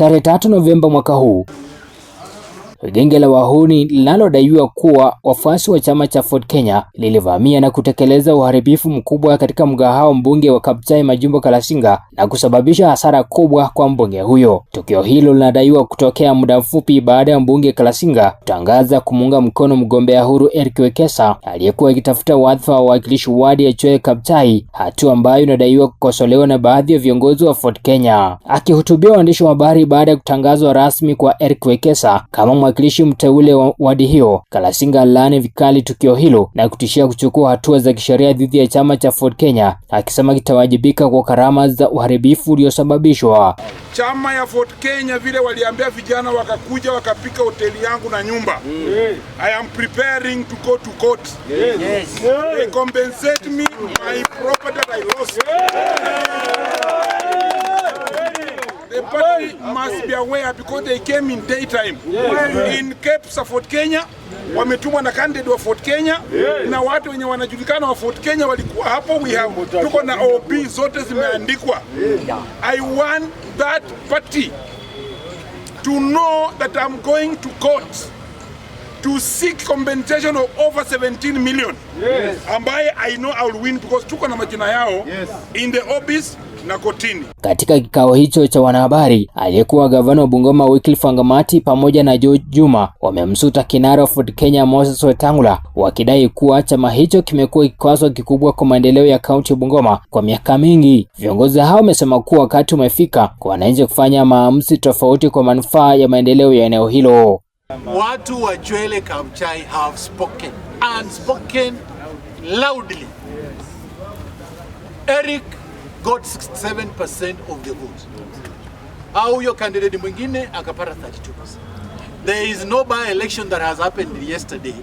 tarehe 3 Novemba mwaka huu genge la wahuni linalodaiwa kuwa wafuasi wa chama cha Ford Kenya lilivamia na kutekeleza uharibifu mkubwa katika mgahawa mbunge wa Kabuchai Majimbo Kalasinga na kusababisha hasara kubwa kwa mbunge huyo. Tukio hilo linadaiwa kutokea muda mfupi baada ya mbunge Kalasinga kutangaza kumuunga mkono mgombea huru Eric Wekesa aliyekuwa akitafuta wadhifa wa wakilishi wadi ya Chwe Kabuchai, hatua ambayo inadaiwa kukosolewa na baadhi ya viongozi wa Ford Kenya. Akihutubia waandishi wa habari baada ya kutangazwa rasmi kwa Eric Wekesa kama mwakilishi mteule wa wadi hiyo Kalasinga laani vikali tukio hilo na kutishia kuchukua hatua za kisheria dhidi ya chama cha Ford Kenya, akisema kitawajibika kwa karama za uharibifu uliosababishwa. Chama ya Ford Kenya vile waliambia vijana, wakakuja wakapika hoteli yangu na nyumba. Mm. I am preparing to go to court. Yes. Yes. They compensate me my property that I lost. aware because they came in daytime. Yes. In Cape Fort Kenya wametumwa na candidate wa Fort Kenya yes. Na watu wenye wanajulikana wa Fort Kenya walikuwa hapo. We have tuko na OB zote zimeandikwa. I want that party to know that I'm going to court to seek compensation of over 17 million yes. Ambaye I know I will win because tuko na majina yao yes. in the office na kotini. Katika kikao hicho cha wanahabari, aliyekuwa gavana wa Bungoma Wycliffe Wangamati pamoja na George Juma wamemsuta kinara wa Ford Kenya Moses Wetangula wakidai kuwa chama hicho kimekuwa kikwazo kikubwa kwa maendeleo ya kaunti ya Bungoma kwa miaka mingi. Viongozi hao wamesema kuwa wakati umefika kwa wananchi kufanya maamuzi tofauti kwa manufaa ya maendeleo ya eneo hilo. Watu wa Jwele Kabuchai have spoken and spoken loudly. Eric got 67% of the votes au huyo candidate mwingine akapata 32%. There is no by election that has happened yesterday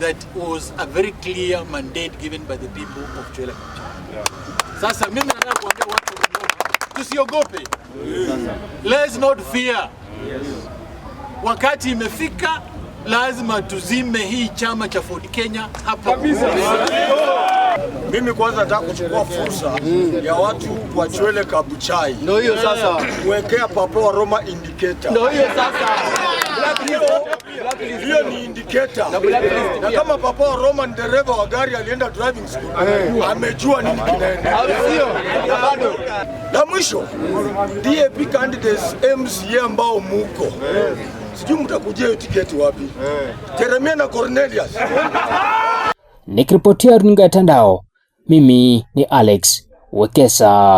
that was a very clear mandate given by the people of Chwele. Sasa mimi nataka kuambia watu tusiogope. Let's not fear. Wakati imefika lazima tuzime hii chama cha Ford Kenya hapa. Mimi kwanza nataka kuchukua fursa mm. ya watu wa Chwele Kabuchai. Ndio hiyo sasa. Kuwekea papo wa Roma indicator. Ndio hiyo sasa. Hiyo ni indicator. Na kama Papa wa Roma ni dereva wa gari alienda driving school, hey. Eh. amejua nini kinaenda. Sio? Bado. Na mwisho DAP candidates MCA ambao muko hey. Eh. Sijui mtakujia hiyo tiketi wapi? Jeremia eh. na Cornelius Nikiripotia runinga ya Tandao, mimi ni Alex Wekesa.